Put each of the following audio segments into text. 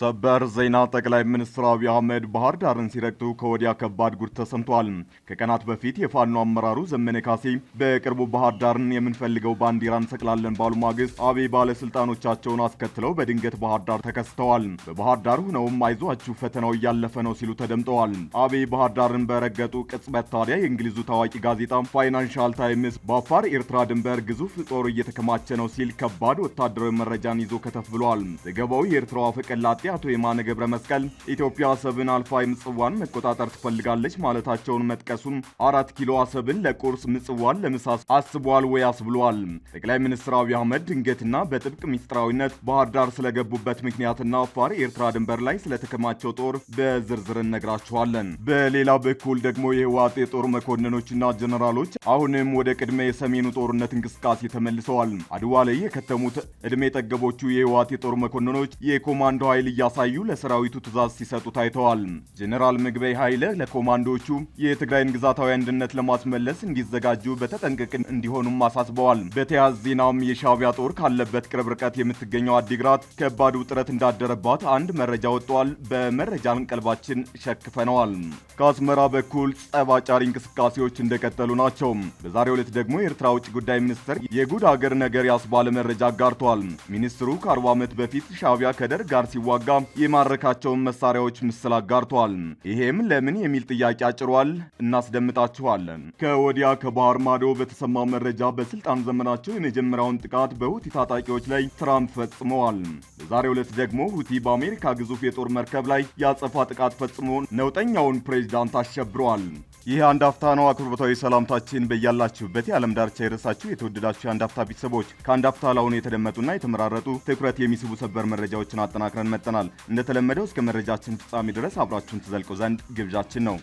ሰበር ዜና ጠቅላይ ሚኒስትር አብይ አህመድ ባህር ዳርን ሲረግጡ ከወዲያ ከባድ ጉድ ተሰምቷል። ከቀናት በፊት የፋኖ አመራሩ ዘመነ ካሴ በቅርቡ ባህር ዳርን የምንፈልገው ባንዲራ እንሰቅላለን ባሉ ማግስት አብይ ባለስልጣኖቻቸውን አስከትለው በድንገት ባህር ዳር ተከስተዋል። በባህር ዳር ሁነውም አይዟችሁ ፈተናው እያለፈ ነው ሲሉ ተደምጠዋል። አብይ ባህር ዳርን በረገጡ ቅጽበት ታዲያ የእንግሊዙ ታዋቂ ጋዜጣ ፋይናንሻል ታይምስ በአፋር ኤርትራ ድንበር ግዙፍ ጦር እየተከማቸ ነው ሲል ከባድ ወታደራዊ መረጃን ይዞ ከተፍ ብሏል። ዘገባው የኤርትራዋ ፈቀላጤ አቶ የማነ ገብረ መስቀል ኢትዮጵያ አሰብን አልፋ ምጽዋን መቆጣጠር ትፈልጋለች ማለታቸውን መጥቀሱን አራት ኪሎ አሰብን ለቁርስ ምጽዋን ለምሳስ አስቧል ወይ አስብሏል። ጠቅላይ ሚኒስትር አብይ አህመድ ድንገትና በጥብቅ ሚስጥራዊነት ባህር ዳር ስለገቡበት ምክንያትና አፋር የኤርትራ ድንበር ላይ ስለተከማቸው ጦር በዝርዝር እነግራችኋለን። በሌላ በኩል ደግሞ የህወሓት የጦር መኮንኖችና ጀነራሎች አሁንም ወደ ቅድመ የሰሜኑ ጦርነት እንቅስቃሴ ተመልሰዋል። አድዋ ላይ የከተሙት እድሜ ጠገቦቹ የህወሓት የጦር መኮንኖች የኮማንዶ ኃይል እያሳዩ ለሰራዊቱ ትዕዛዝ ሲሰጡ ታይተዋል። ጄኔራል ምግበይ ኃይለ ለኮማንዶዎቹ የትግራይን ግዛታዊ አንድነት ለማስመለስ እንዲዘጋጁ በተጠንቀቅ እንዲሆኑም አሳስበዋል። በተያያዘ ዜናም የሻቢያ ጦር ካለበት ቅርብ ርቀት የምትገኘው አዲግራት ከባድ ውጥረት እንዳደረባት አንድ መረጃ ወጥቷል። በመረጃ እንቀልባችን ሸክፈነዋል። ከአስመራ በኩል ጸባጫሪ እንቅስቃሴዎች እንደቀጠሉ ናቸው። በዛሬው ዕለት ደግሞ የኤርትራ ውጭ ጉዳይ ሚኒስትር የጉድ አገር ነገር ያስባለ መረጃ አጋርተዋል። ሚኒስትሩ ከ40 ዓመት በፊት ሻቢያ ከደር ጋር ሲዋ ሲዋጋ የማረካቸውን መሳሪያዎች ምስል አጋርተዋል። ይሄም ለምን የሚል ጥያቄ አጭሯል። እናስደምጣችኋለን። ከወዲያ ከባህር ማዶ በተሰማው መረጃ በስልጣን ዘመናቸው የመጀመሪያውን ጥቃት በሁቲ ታጣቂዎች ላይ ትራምፕ ፈጽመዋል። በዛሬው ዕለት ደግሞ ሁቲ በአሜሪካ ግዙፍ የጦር መርከብ ላይ ያጸፋ ጥቃት ፈጽሞ ነውጠኛውን ፕሬዚዳንት አሸብረዋል። ይህ አንድ አፍታ ነው። አክብሮታዊ ሰላምታችን በያላችሁበት የዓለም ዳርቻ የረሳችሁ የተወደዳችሁ የአንድ አፍታ ቤተሰቦች ከአንድ አፍታ ላሁኑ የተደመጡና የተመራረጡ ትኩረት የሚስቡ ሰበር መረጃዎችን አጠናክረን መጠናል። እንደተለመደው እስከ መረጃችን ፍጻሜ ድረስ አብራችሁን ትዘልቁ ዘንድ ግብዣችን ነው።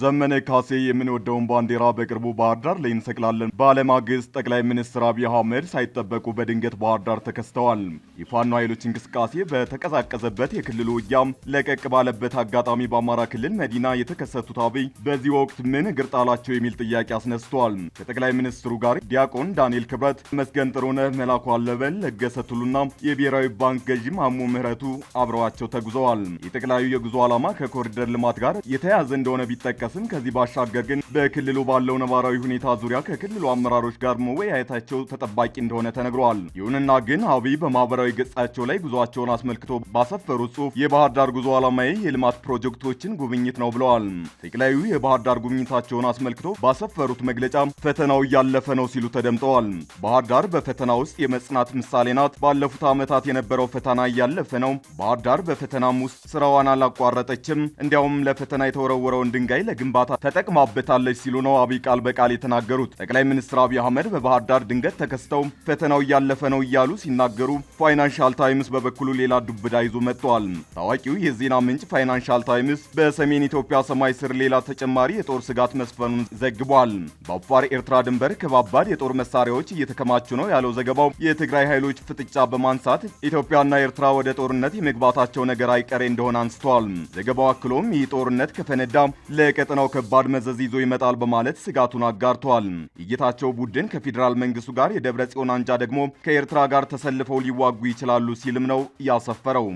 ዘመነ ካሴ የምንወደውን ባንዲራ በቅርቡ ባህር ዳር ላይ እንሰቅላለን ባለማግስት ጠቅላይ ሚኒስትር አብይ አህመድ ሳይጠበቁ በድንገት ባህር ዳር ተከስተዋል። የፋኖ ኃይሎች እንቅስቃሴ በተቀዛቀዘበት የክልሉ ውጊያም ለቀቅ ባለበት አጋጣሚ በአማራ ክልል መዲና የተከሰቱት አብይ በዚህ ወቅት ምን እግር ጣላቸው የሚል ጥያቄ አስነስተዋል። ከጠቅላይ ሚኒስትሩ ጋር ዲያቆን ዳንኤል ክብረት፣ መስገን ጥሩነህ፣ መላኩ አለበል፣ ለገሰ ቱሉና የብሔራዊ ባንክ ገዢ ማሞ ምህረቱ አብረዋቸው ተጉዘዋል። የጠቅላዩ የጉዞ ዓላማ ከኮሪደር ልማት ጋር የተያያዘ እንደሆነ ቢጠቀ ቢጠቀስም ከዚህ ባሻገር ግን በክልሉ ባለው ነባራዊ ሁኔታ ዙሪያ ከክልሉ አመራሮች ጋር መወያየታቸው ተጠባቂ እንደሆነ ተነግሯል። ይሁንና ግን አብይ በማህበራዊ ገጻቸው ላይ ጉዞቸውን አስመልክቶ ባሰፈሩት ጽሑፍ የባህር ዳር ጉዞ ዓላማዬ የልማት ፕሮጀክቶችን ጉብኝት ነው ብለዋል። ጠቅላዩ የባህር ዳር ጉብኝታቸውን አስመልክቶ ባሰፈሩት መግለጫ ፈተናው እያለፈ ነው ሲሉ ተደምጠዋል። ባህር ዳር በፈተና ውስጥ የመጽናት ምሳሌ ናት። ባለፉት ዓመታት የነበረው ፈተና እያለፈ ነው። ባህር ዳር በፈተናም ውስጥ ስራዋን አላቋረጠችም። እንዲያውም ለፈተና የተወረወረውን ድንጋይ ለግንባታ ተጠቅማበታለች ሲሉ ነው አብይ ቃል በቃል የተናገሩት። ጠቅላይ ሚኒስትር አብይ አህመድ በባህር ዳር ድንገት ተከስተው ፈተናው እያለፈ ነው እያሉ ሲናገሩ፣ ፋይናንሻል ታይምስ በበኩሉ ሌላ ዱብዳ ይዞ መጥተዋል። ታዋቂው የዜና ምንጭ ፋይናንሻል ታይምስ በሰሜን ኢትዮጵያ ሰማይ ስር ሌላ ተጨማሪ የጦር ስጋት መስፈኑን ዘግቧል። በአፋር ኤርትራ ድንበር ከባባድ የጦር መሳሪያዎች እየተከማቹ ነው ያለው ዘገባው የትግራይ ኃይሎች ፍጥጫ በማንሳት ኢትዮጵያና ኤርትራ ወደ ጦርነት የመግባታቸው ነገር አይቀሬ እንደሆነ አንስተዋል። ዘገባው አክሎም ይህ ጦርነት ከፈነዳ ለቀ ለቀጠናው ከባድ መዘዝ ይዞ ይመጣል በማለት ስጋቱን አጋርተዋል። የጌታቸው ቡድን ከፌዴራል መንግስቱ ጋር፣ የደብረ ጽዮን አንጃ ደግሞ ከኤርትራ ጋር ተሰልፈው ሊዋጉ ይችላሉ ሲልም ነው ያሰፈረው።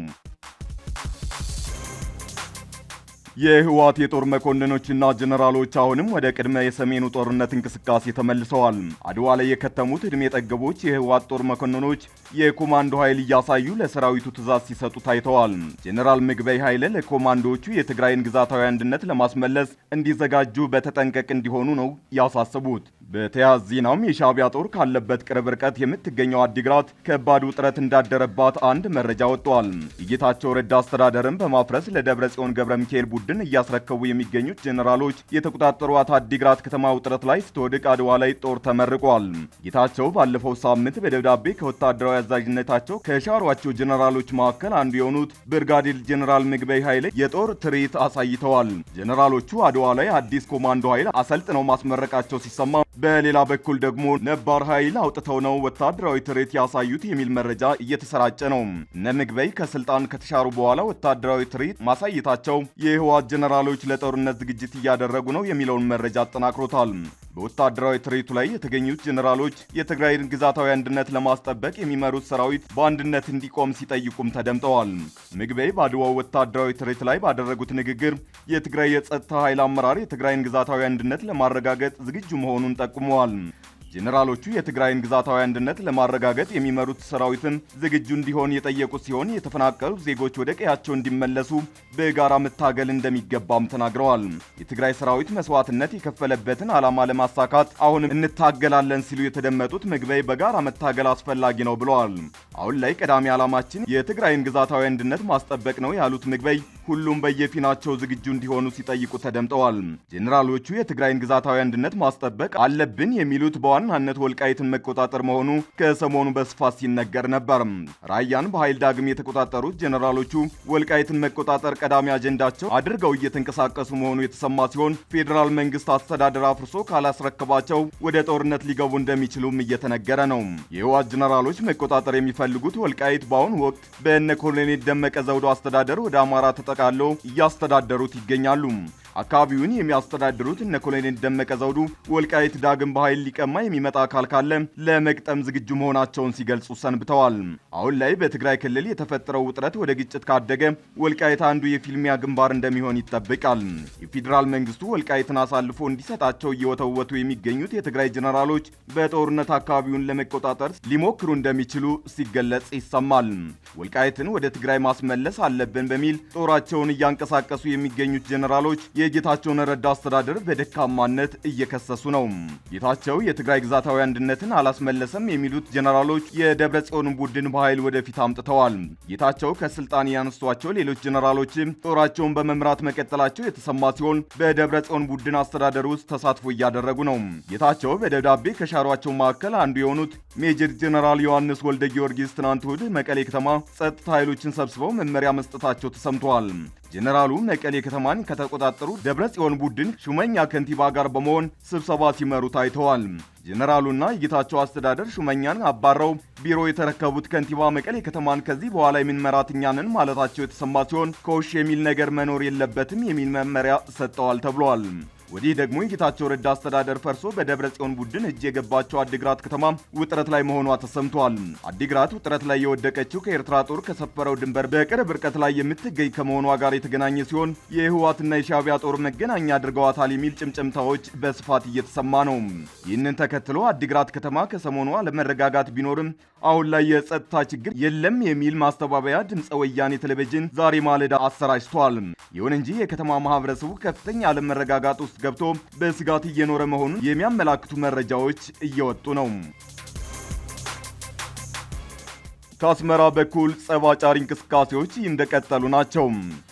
የህወሓት የጦር መኮንኖችና ጀነራሎች አሁንም ወደ ቅድመ የሰሜኑ ጦርነት እንቅስቃሴ ተመልሰዋል። አድዋ ላይ የከተሙት እድሜ ጠገቦች የህወሓት ጦር መኮንኖች የኮማንዶ ኃይል እያሳዩ ለሰራዊቱ ትዕዛዝ ሲሰጡ ታይተዋል። ጀነራል ምግበይ ኃይለ ለኮማንዶዎቹ የትግራይን ግዛታዊ አንድነት ለማስመለስ እንዲዘጋጁ በተጠንቀቅ እንዲሆኑ ነው ያሳሰቡት። በተያያዘ ዜናም የሻቢያ ጦር ካለበት ቅርብ ርቀት የምትገኘው አዲግራት ከባድ ውጥረት እንዳደረባት አንድ መረጃ ወጥቷል። የጌታቸው ረዳ አስተዳደርን በማፍረስ ለደብረ ጽዮን ገብረ ሚካኤል ቡድን እያስረከቡ የሚገኙት ጄኔራሎች የተቆጣጠሯት አዲግራት ከተማ ውጥረት ላይ ስትወድቅ አድዋ ላይ ጦር ተመርቋል። ጌታቸው ባለፈው ሳምንት በደብዳቤ ከወታደራዊ አዛዥነታቸው ከሻሯቸው ጄኔራሎች መካከል አንዱ የሆኑት ብርጋዴር ጄኔራል ምግበይ ኃይለ የጦር ትርኢት አሳይተዋል። ጄኔራሎቹ አድዋ ላይ አዲስ ኮማንዶ ኃይል አሰልጥነው ማስመረቃቸው ሲሰማ በሌላ በኩል ደግሞ ነባር ኃይል አውጥተው ነው ወታደራዊ ትርኢት ያሳዩት የሚል መረጃ እየተሰራጨ ነው። እነ ምግበይ ከስልጣን ከተሻሩ በኋላ ወታደራዊ ትርኢት ማሳየታቸው የህወሓት ጀኔራሎች ለጦርነት ዝግጅት እያደረጉ ነው የሚለውን መረጃ አጠናክሮታል። በወታደራዊ ትርኢቱ ላይ የተገኙት ጀነራሎች የትግራይን ግዛታዊ አንድነት ለማስጠበቅ የሚመሩት ሰራዊት በአንድነት እንዲቆም ሲጠይቁም ተደምጠዋል። ምግቤ በአድዋው ወታደራዊ ትርኢት ላይ ባደረጉት ንግግር የትግራይ የጸጥታ ኃይል አመራር የትግራይን ግዛታዊ አንድነት ለማረጋገጥ ዝግጁ መሆኑን ጠቁመዋል። ጄኔራሎቹ የትግራይን ግዛታዊ አንድነት ለማረጋገጥ የሚመሩት ሰራዊትም ዝግጁ እንዲሆን የጠየቁ ሲሆን የተፈናቀሉ ዜጎች ወደ ቀያቸው እንዲመለሱ በጋራ መታገል እንደሚገባም ተናግረዋል። የትግራይ ሰራዊት መስዋዕትነት የከፈለበትን ዓላማ ለማሳካት አሁንም እንታገላለን ሲሉ የተደመጡት ምግበይ በጋራ መታገል አስፈላጊ ነው ብለዋል። አሁን ላይ ቀዳሚ ዓላማችን የትግራይን ግዛታዊ አንድነት ማስጠበቅ ነው ያሉት ምግበይ ሁሉም በየፊናቸው ዝግጁ እንዲሆኑ ሲጠይቁ ተደምጠዋል። ጄኔራሎቹ የትግራይን ግዛታዊ አንድነት ማስጠበቅ አለብን የሚሉት በዋናነት ወልቃይትን መቆጣጠር መሆኑ ከሰሞኑ በስፋት ሲነገር ነበር። ራያን በኃይል ዳግም የተቆጣጠሩት ጄኔራሎቹ ወልቃይትን መቆጣጠር ቀዳሚ አጀንዳቸው አድርገው እየተንቀሳቀሱ መሆኑ የተሰማ ሲሆን ፌዴራል መንግስት አስተዳደር አፍርሶ ካላስረከባቸው ወደ ጦርነት ሊገቡ እንደሚችሉም እየተነገረ ነው። የህወሓት ጄኔራሎች መቆጣጠር የሚፈልጉት ወልቃይት በአሁኑ ወቅት በእነ ኮሎኔል ደመቀ ዘውዶ አስተዳደር ወደ አማራ ተጠ ይጠብቃሉ፣ እያስተዳደሩት ይገኛሉ። አካባቢውን የሚያስተዳድሩት እነ ኮሎኔል ደመቀ ዘውዱ ወልቃይት ዳግም በኃይል ሊቀማ የሚመጣ አካል ካለ ለመቅጠም ዝግጁ መሆናቸውን ሲገልጹ ሰንብተዋል። አሁን ላይ በትግራይ ክልል የተፈጠረው ውጥረት ወደ ግጭት ካደገ ወልቃይት አንዱ የፊልሚያ ግንባር እንደሚሆን ይጠበቃል። የፌዴራል መንግስቱ ወልቃይትን አሳልፎ እንዲሰጣቸው እየወተወቱ የሚገኙት የትግራይ ጀኔራሎች በጦርነት አካባቢውን ለመቆጣጠር ሊሞክሩ እንደሚችሉ ሲገለጽ ይሰማል። ወልቃይትን ወደ ትግራይ ማስመለስ አለብን በሚል ጦራቸውን እያንቀሳቀሱ የሚገኙት የ የጌታቸውን ረዳ አስተዳደር በደካማነት እየከሰሱ ነው። ጌታቸው የትግራይ ግዛታዊ አንድነትን አላስመለሰም የሚሉት ጀነራሎች የደብረ ጽዮን ቡድን በኃይል ወደፊት አምጥተዋል። ጌታቸው ከስልጣን ያነሷቸው ሌሎች ጀነራሎችም ጦራቸውን በመምራት መቀጠላቸው የተሰማ ሲሆን በደብረ ጽዮን ቡድን አስተዳደር ውስጥ ተሳትፎ እያደረጉ ነው። ጌታቸው በደብዳቤ ከሻሯቸው መካከል አንዱ የሆኑት ሜጀር ጀነራል ዮሐንስ ወልደ ጊዮርጊስ ትናንት እሁድ መቀሌ ከተማ ጸጥታ ኃይሎችን ሰብስበው መመሪያ መስጠታቸው ተሰምተዋል። ጀነራሉ መቀሌ ከተማን ከተቆጣጠሩ ደብረ ጽዮን ቡድን ሹመኛ ከንቲባ ጋር በመሆን ስብሰባ ሲመሩ ታይተዋል። ጀነራሉና የጌታቸው አስተዳደር ሹመኛን አባረው ቢሮ የተረከቡት ከንቲባ መቀሌ ከተማን ከዚህ በኋላ የምንመራት ማለታቸው የተሰማ ሲሆን ከውሽ የሚል ነገር መኖር የለበትም የሚል መመሪያ ሰጥተዋል ተብሏል። ወዲህ ደግሞ የጌታቸው ረዳ አስተዳደር ፈርሶ በደብረ ጽዮን ቡድን እጅ የገባቸው አዲግራት ከተማ ውጥረት ላይ መሆኗ ተሰምቷል። አዲግራት ውጥረት ላይ የወደቀችው ከኤርትራ ጦር ከሰፈረው ድንበር በቅርብ ርቀት ላይ የምትገኝ ከመሆኗ ጋር የተገናኘ ሲሆን የህወሓትና የሻቢያ ጦር መገናኛ አድርገዋታል የሚል ጭምጭምታዎች በስፋት እየተሰማ ነው። ይህንን ተከትሎ አዲግራት ከተማ ከሰሞኑ አለመረጋጋት ቢኖርም አሁን ላይ የጸጥታ ችግር የለም የሚል ማስተባበያ ድምፀ ወያኔ ቴሌቪዥን ዛሬ ማለዳ አሰራጭቷል። ይሁን እንጂ የከተማ ማህበረሰቡ ከፍተኛ አለመረጋጋት ውስጥ ውስጥ ገብቶ በስጋት እየኖረ መሆኑን የሚያመላክቱ መረጃዎች እየወጡ ነው። ከአስመራ በኩል ጸብ እንቅስቃሴዎች እንደቀጠሉ ናቸው።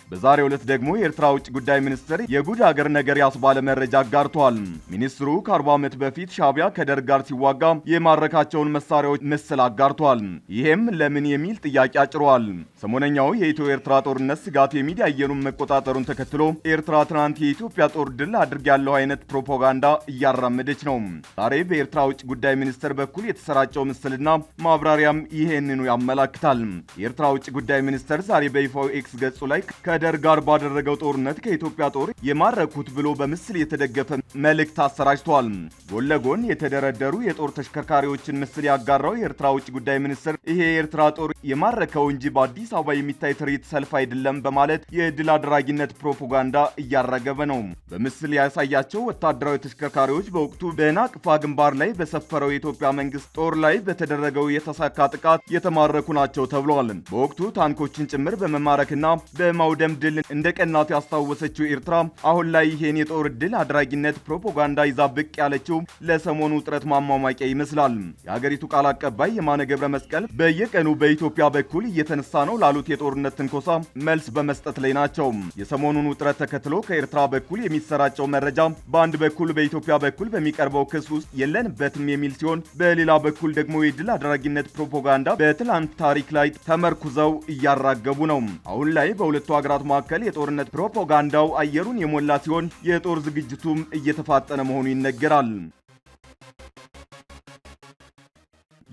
በዛሬው ዕለት ደግሞ የኤርትራ ውጭ ጉዳይ ሚኒስትር የጉድ አገር ነገር ያስባለ መረጃ አጋርቷል። ሚኒስትሩ ከ40 ዓመት በፊት ሻቢያ ከደርግ ጋር ሲዋጋ የማረካቸውን መሳሪያዎች ምስል አጋርቷል። ይህም ለምን የሚል ጥያቄ አጭሯል። ሰሞነኛው የኢትዮ ኤርትራ ጦርነት ስጋት የሚዲያ አየሩን መቆጣጠሩን ተከትሎ ኤርትራ ትናንት የኢትዮጵያ ጦር ድል ያለው አይነት ፕሮፓጋንዳ እያራመደች ነው። ዛሬ በኤርትራ ውጭ ጉዳይ ሚኒስትር በኩል የተሰራጨው ምስልና ማብራሪያም ይህንኑ ያመላክታል። የኤርትራ ውጭ ጉዳይ ሚኒስትር ዛሬ በይፋው ኤክስ ገጹ ላይ ከ ከቀደር ጋር ባደረገው ጦርነት ከኢትዮጵያ ጦር የማረኩት ብሎ በምስል የተደገፈ መልእክት አሰራጅቷል። ጎን ለጎን የተደረደሩ የጦር ተሽከርካሪዎችን ምስል ያጋራው የኤርትራ ውጭ ጉዳይ ሚኒስትር ይሄ የኤርትራ ጦር የማረከው እንጂ በአዲስ አበባ የሚታይ ትርኢት ሰልፍ አይደለም በማለት የድል አድራጊነት ፕሮፓጋንዳ እያራገበ ነው። በምስል ያሳያቸው ወታደራዊ ተሽከርካሪዎች በወቅቱ በናቅፋ ግንባር ላይ በሰፈረው የኢትዮጵያ መንግስት ጦር ላይ በተደረገው የተሳካ ጥቃት የተማረኩ ናቸው ተብለዋል። በወቅቱ ታንኮችን ጭምር በመማረክና በማውደ ቀደም ድል እንደ ቀናት ያስታወሰችው ኤርትራ አሁን ላይ ይሄን የጦር ድል አድራጊነት ፕሮፓጋንዳ ይዛ ብቅ ያለችው ለሰሞኑ ውጥረት ማሟሟቂያ ይመስላል። የሀገሪቱ ቃል አቀባይ የማነ ገብረ መስቀል በየቀኑ በኢትዮጵያ በኩል እየተነሳ ነው ላሉት የጦርነት ትንኮሳ መልስ በመስጠት ላይ ናቸው። የሰሞኑን ውጥረት ተከትሎ ከኤርትራ በኩል የሚሰራጨው መረጃ በአንድ በኩል በኢትዮጵያ በኩል በሚቀርበው ክስ ውስጥ የለንበትም የሚል ሲሆን፣ በሌላ በኩል ደግሞ የድል አድራጊነት ፕሮፓጋንዳ በትላንት ታሪክ ላይ ተመርኩዘው እያራገቡ ነው። አሁን ላይ በሁለቱ ሀገራት አመራራት መካከል የጦርነት ፕሮፓጋንዳው አየሩን የሞላ ሲሆን የጦር ዝግጅቱም እየተፋጠነ መሆኑ ይነገራል።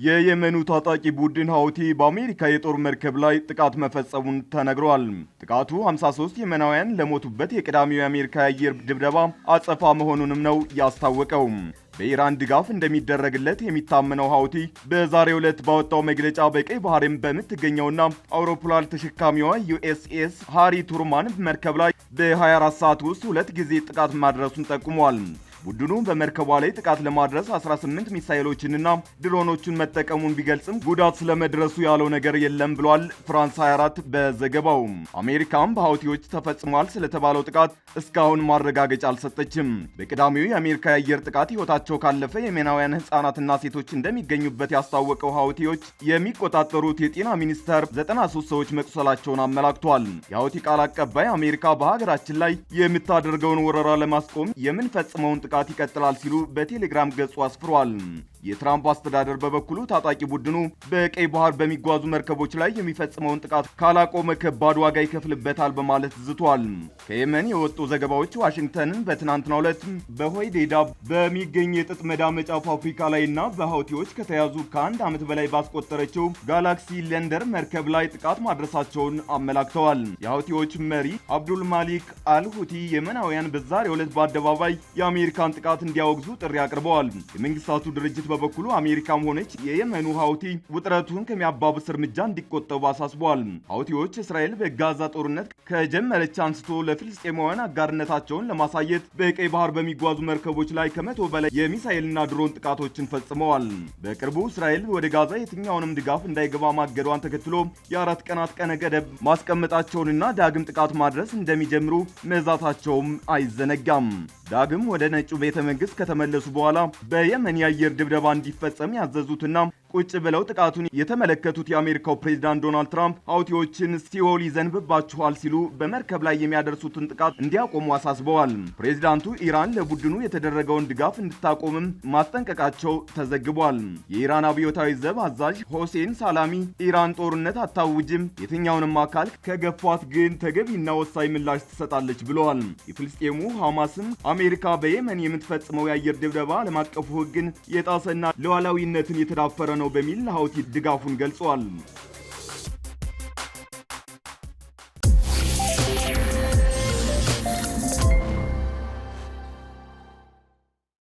የየመኑ ታጣቂ ቡድን ሀውቲ በአሜሪካ የጦር መርከብ ላይ ጥቃት መፈጸሙን ተነግሯል። ጥቃቱ 53 የመናውያን ለሞቱበት የቅዳሜው የአሜሪካ የአየር ድብደባ አጸፋ መሆኑንም ነው ያስታወቀው። በኢራን ድጋፍ እንደሚደረግለት የሚታመነው ሀውቲ በዛሬው ዕለት ባወጣው መግለጫ በቀይ ባህርም በምትገኘውና አውሮፕላን ተሸካሚዋ ዩኤስኤስ ሃሪ ቱርማን መርከብ ላይ በ24 ሰዓት ውስጥ ሁለት ጊዜ ጥቃት ማድረሱን ጠቁሟል። ቡድኑ በመርከቧ ላይ ጥቃት ለማድረስ 18 ሚሳይሎችንና ድሮኖችን መጠቀሙን ቢገልጽም ጉዳት ስለመድረሱ ያለው ነገር የለም ብሏል። ፍራንስ 24 በዘገባው አሜሪካም በሀውቲዎች ተፈጽሟል ስለተባለው ጥቃት እስካሁን ማረጋገጫ አልሰጠችም። በቅዳሜው የአሜሪካ የአየር ጥቃት ሕይወታቸው ካለፈ የሜናውያን ሕጻናትና ሴቶች እንደሚገኙበት ያስታወቀው ሀውቲዎች የሚቆጣጠሩት የጤና ሚኒስቴር 93 ሰዎች መቁሰላቸውን አመላክቷል። የሀውቲ ቃል አቀባይ አሜሪካ በሀገራችን ላይ የምታደርገውን ወረራ ለማስቆም የምንፈጽመውን ጥቃት ይቀጥላል ሲሉ በቴሌግራም ገጹ አስፍሯል። የትራምፕ አስተዳደር በበኩሉ ታጣቂ ቡድኑ በቀይ ባህር በሚጓዙ መርከቦች ላይ የሚፈጽመውን ጥቃት ካላቆመ ከባድ ዋጋ ይከፍልበታል በማለት ዝቷል። ከየመን የወጡ ዘገባዎች ዋሽንግተንን በትናንትናው ዕለት በሆይዴዳ በሚገኝ የጥጥ መዳመጫ ፋብሪካ ላይ እና በሀውቲዎች ከተያዙ ከአንድ ዓመት በላይ ባስቆጠረችው ጋላክሲ ለንደር መርከብ ላይ ጥቃት ማድረሳቸውን አመላክተዋል። የሀውቲዎች መሪ አብዱል ማሊክ አልሁቲ የመናውያን በዛሬው ዕለት በአደባባይ የአሜሪካን ጥቃት እንዲያወግዙ ጥሪ አቅርበዋል። የመንግስታቱ ድርጅት በበኩሉ አሜሪካም ሆነች የየመኑ ሀውቲ ውጥረቱን ከሚያባብስ እርምጃ እንዲቆጠቡ አሳስቧል። ሀውቲዎች እስራኤል በጋዛ ጦርነት ከጀመረች አንስቶ ለፍልስጤማውያን አጋርነታቸውን ለማሳየት በቀይ ባህር በሚጓዙ መርከቦች ላይ ከመቶ በላይ የሚሳኤልና ድሮን ጥቃቶችን ፈጽመዋል። በቅርቡ እስራኤል ወደ ጋዛ የትኛውንም ድጋፍ እንዳይገባ ማገዷን ተከትሎ የአራት ቀናት ቀነ ገደብ ማስቀመጣቸውንና ዳግም ጥቃት ማድረስ እንደሚጀምሩ መዛታቸውም አይዘነጋም። ዳግም ወደ ነጩ ቤተ መንግስት ከተመለሱ በኋላ በየመን የአየር ድብደባ እንዲፈጸም ያዘዙትና ቁጭ ብለው ጥቃቱን የተመለከቱት የአሜሪካው ፕሬዚዳንት ዶናልድ ትራምፕ ሀውቲዎችን ሲኦል ይዘንብባችኋል ሲሉ በመርከብ ላይ የሚያደርሱትን ጥቃት እንዲያቆሙ አሳስበዋል። ፕሬዚዳንቱ ኢራን ለቡድኑ የተደረገውን ድጋፍ እንድታቆምም ማስጠንቀቃቸው ተዘግቧል። የኢራን አብዮታዊ ዘብ አዛዥ ሆሴን ሳላሚ ኢራን ጦርነት አታውጅም፣ የትኛውንም አካል ከገፏት ግን ተገቢና ወሳኝ ምላሽ ትሰጣለች ብለዋል። የፍልስጤሙ ሐማስም አሜሪካ በየመን የምትፈጽመው የአየር ድብደባ ዓለም አቀፉ ሕግን የጣሰና ሉዓላዊነትን የተዳፈረ ነው ነው በሚል ለሀውቲ ድጋፉን ገልጿል።